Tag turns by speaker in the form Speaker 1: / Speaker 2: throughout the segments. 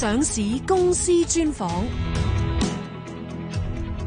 Speaker 1: 上市公司專訪。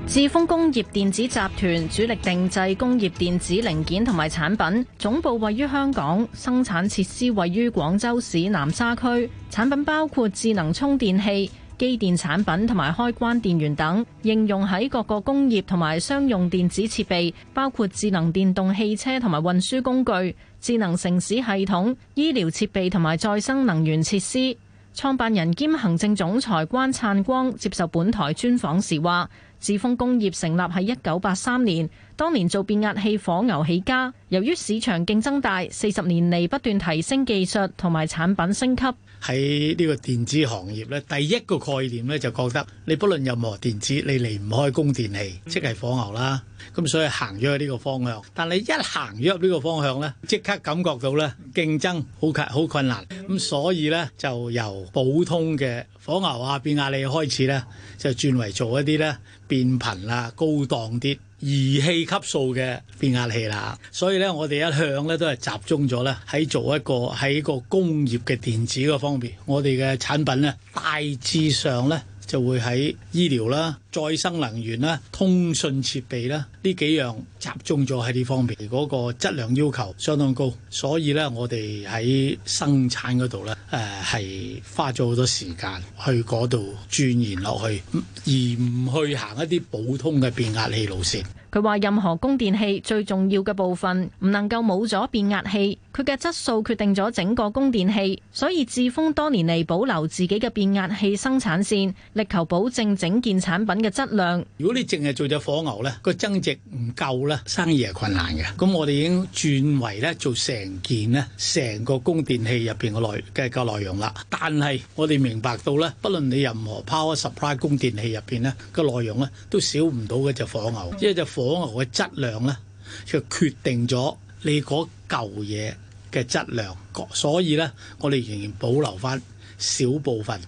Speaker 1: 致豐工業電子集團主力定製工業電子零件同埋產品，總部位於香港，生產設施位於廣州市南沙區。產品包括智能充電器、機電產品同埋開關電源等，應用喺各個工業同埋商用電子設備，包括智能電動汽車同埋運輸工具、智能城市系統、醫療設備同埋再生能源設施。創辦人兼行政總裁關燦光接受本台專訪時話，致豐工業成立喺一九八三年，當年做變壓器、火牛起家。由於市場競爭大，四十年嚟不斷提升技術同埋產品升級。
Speaker 2: 喺呢個電子行業咧，第一個概念咧就覺得你不論任何電子，你離唔開供電器，即係火牛啦。咁所以行咗去呢個方向，但你一行咗入呢個方向咧，即刻感覺到咧競爭好困好困難。咁所以咧就由普通嘅火牛啊、變壓器開始咧，就轉為做一啲咧。變頻啦，高檔啲儀器級數嘅變壓器啦，所以咧我哋一向咧都係集中咗咧喺做一個喺個工業嘅電子個方面，我哋嘅產品咧大致上咧就會喺醫療啦。再生能源啦、通訊設備啦，呢幾樣集中咗喺呢方面，嗰個質量要求相當高，所以咧我哋喺生產嗰度咧，誒係花咗好多時間去嗰度鑽研落去，而唔去行一啲普通嘅變壓器路線。
Speaker 1: 佢話任何供電器最重要嘅部分唔能夠冇咗變壓器，佢嘅質素決定咗整個供電器，所以致豐多年嚟保留自己嘅變壓器生產線，力求保證整件產品嘅質量，
Speaker 2: 如果你淨係做隻火牛呢個，增值唔夠呢，生意係困難嘅。咁我哋已經轉為呢做成件呢成個供電器入邊嘅內嘅個內容啦。但係我哋明白到呢，不論你任何 power supply 供電器入邊呢個內容呢，都少唔到嘅就火牛，因為隻火牛嘅質量呢，就決定咗你嗰舊嘢嘅質量。所以呢，我哋仍然保留翻小部分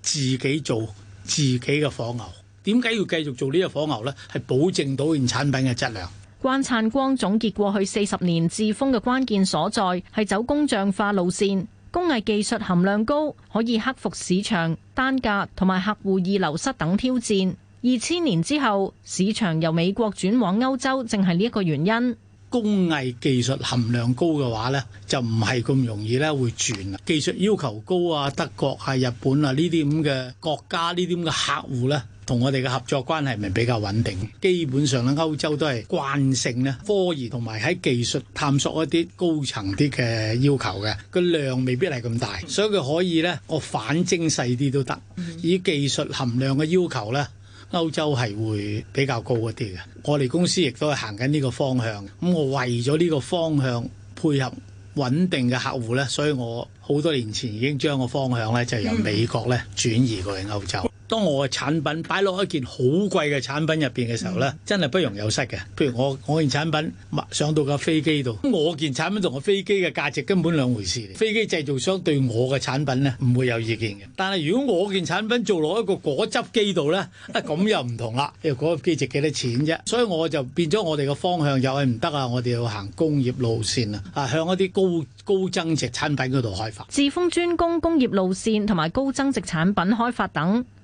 Speaker 2: 自己做自己嘅火牛。點解要繼續做呢個火牛呢？係保證到件產品嘅質量。
Speaker 1: 關燦光總結過去四十年致豐嘅關鍵所在，係走工匠化路線，工藝技術含量高，可以克服市場單價同埋客戶易流失等挑戰。二千年之後，市場由美國轉往歐洲，正係呢一個原因。工
Speaker 2: 藝技術含量高嘅話呢，就唔係咁容易咧會轉。技術要求高啊，德國啊、日本啊呢啲咁嘅國家呢啲咁嘅客戶呢。同我哋嘅合作關係咪比較穩定。基本上咧，歐洲都係慣性咧，科研同埋喺技術探索一啲高層啲嘅要求嘅，個量未必係咁大，所以佢可以咧，我反精細啲都得。以技術含量嘅要求咧，歐洲係會比較高一啲嘅。我哋公司亦都係行緊呢個方向。咁我為咗呢個方向配合穩定嘅客戶咧，所以我好多年前已經將個方向咧就由美國咧轉移過去歐洲。當我嘅產品擺落一件好貴嘅產品入邊嘅時候呢，真係不容有失嘅。譬如我我件產品上到架飛機度，我件產品同個飛機嘅價值根本兩回事嚟。飛機製造商對我嘅產品呢唔會有意見嘅。但係如果我件產品做落一個果汁機度呢，咁、啊、又唔同啦。因 果汁機值幾多錢啫，所以我就變咗我哋嘅方向又係唔得啊！我哋要行工業路線啊，向一啲高高增值產品嗰度開發，
Speaker 1: 致豐專攻工業路線同埋高增值產品開發等。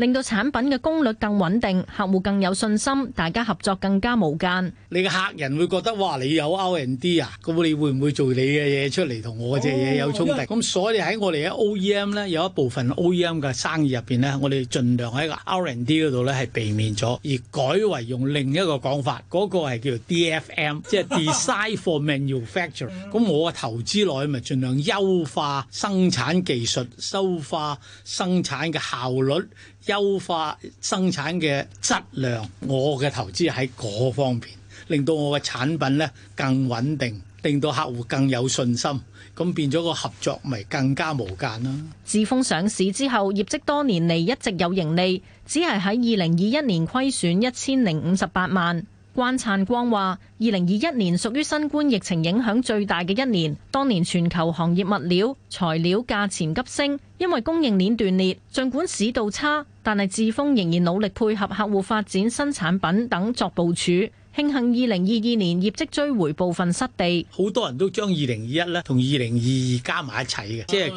Speaker 1: 令到產品嘅功率更穩定，客戶更有信心，大家合作更加無間。
Speaker 2: 你嘅客人會覺得哇，你有 R&D 啊，咁你會唔會做你嘅嘢出嚟同我隻嘢有衝突？咁所以喺我哋嘅 OEM 咧有一部分 OEM 嘅生意入邊咧，我哋盡量喺個 R&D 嗰度咧係避免咗，而改為用另一個講法，嗰個係叫做 DFM，即係 Design for Manufacturer。咁我嘅投資內咪盡量優化生產技術，優化生產嘅效率。優化生產嘅質量，我嘅投資喺嗰方面，令到我嘅產品呢更穩定，令到客戶更有信心，咁變咗個合作咪更加無間咯。
Speaker 1: 致豐上市之後，業績多年嚟一直有盈利，只係喺二零二一年虧損一千零五十八萬。關燦光話：二零二一年屬於新冠疫情影響最大嘅一年。當年全球行業物料、材料價錢急升，因為供應鏈斷裂。盡管市道差，但係致豐仍然努力配合客戶發展新產品等作部署。慶幸二零二二年業績追回部分失地，
Speaker 2: 好多人都將二零二一咧同二零二二加埋一齊嘅，即係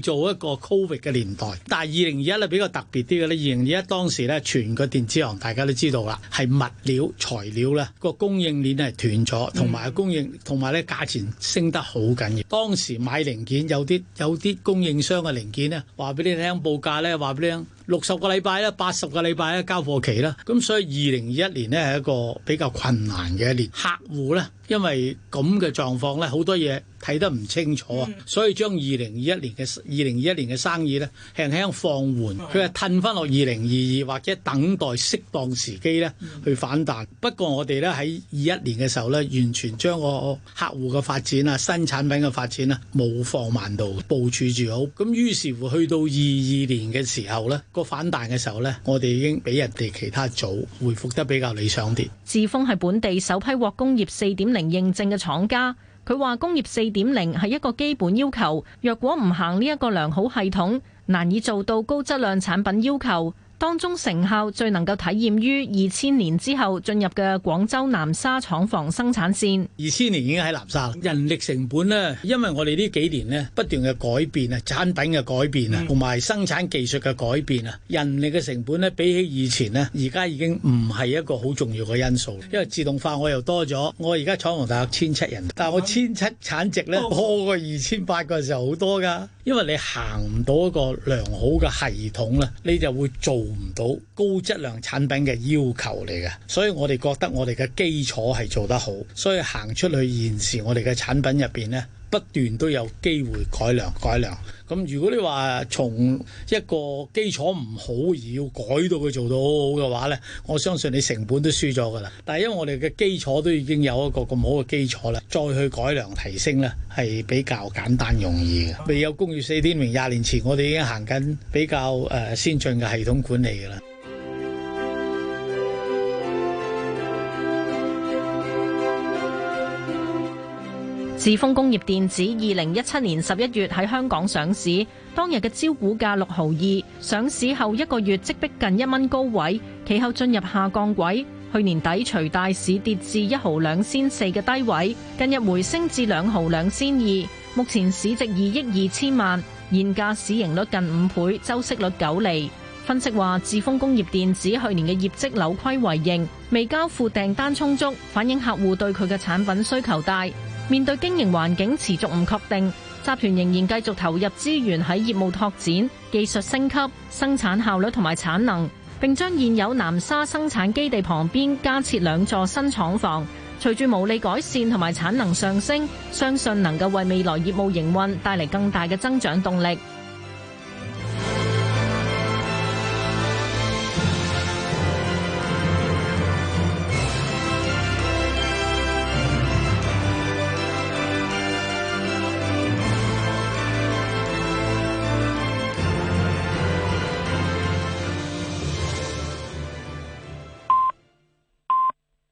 Speaker 2: 叫做一個 Covid 嘅年代。但係二零二一咧比較特別啲嘅咧，二零二一當時咧，全個電子行大家都知道啦，係物料材料咧個供應鏈係斷咗，同埋供應同埋咧價錢升得好緊要。當時買零件，有啲有啲供應商嘅零件咧，話俾你聽，報價咧，話俾你聽。六十個禮拜啦，八十個禮拜咧交貨期啦，咁所以二零二一年咧係一個比較困難嘅一年，客戶咧。因為咁嘅狀況呢好多嘢睇得唔清楚，啊、嗯。所以將二零二一年嘅二零二一年嘅生意咧輕輕放緩，佢係褪翻落二零二二或者等待適當時機呢去反彈。不過我哋呢喺二一年嘅時候呢，完全將個客戶嘅發展啊、新產品嘅發展啊冇放慢到，部署住好。咁於是乎去到二二年嘅時候呢，個反彈嘅時候呢，我哋已經比人哋其他組回復得比較理想啲。
Speaker 1: 致豐係本地首批獲工業四點零認證嘅廠家，佢話工業四點零係一個基本要求，若果唔行呢一個良好系統，難以做到高質量產品要求。當中成效最能夠體驗於二千年之後進入嘅廣州南沙廠房生產線。
Speaker 2: 二千年已經喺南沙啦。人力成本咧，因為我哋呢幾年咧不斷嘅改變啊，產品嘅改變啊，同埋生產技術嘅改變啊，嗯、人力嘅成本咧比起以前呢，而家已經唔係一個好重要嘅因素。因為自動化我又多咗，我而家廠房大概千七人，但係我千七產值咧多、嗯、過二千八嗰時候好多㗎。因為你行唔到一個良好嘅系統咧，你就會做唔到高質量產品嘅要求嚟嘅。所以我哋覺得我哋嘅基礎係做得好，所以行出去現時我哋嘅產品入面咧。不斷都有機會改良改良，咁如果你話從一個基礎唔好而要改到佢做到好好嘅話呢，我相信你成本都輸咗噶啦。但係因為我哋嘅基礎都已經有一個咁好嘅基礎啦，再去改良提升呢係比較簡單容易嘅。未有工業四點零廿年前，我哋已經行緊比較誒先進嘅系統管理噶啦。
Speaker 1: 智豐工業電子二零一七年十一月喺香港上市，當日嘅招股價六毫二，上市後一個月即逼近一蚊高位，其後進入下降軌。去年底隨大市跌至一毫兩仙四嘅低位，近日回升至兩毫兩仙二，目前市值二億二千萬，現價市盈率近五倍，周息率九厘。分析話，智豐工業電子去年嘅業績扭虧為盈，未交付訂單充足，反映客戶對佢嘅產品需求大。面對經營環境持續唔確定，集團仍然繼續投入資源喺業務拓展、技術升級、生產效率同埋產能，並將現有南沙生產基地旁邊加設兩座新廠房。隨住毛利改善同埋產能上升，相信能夠為未來業務營運帶嚟更大嘅增長動力。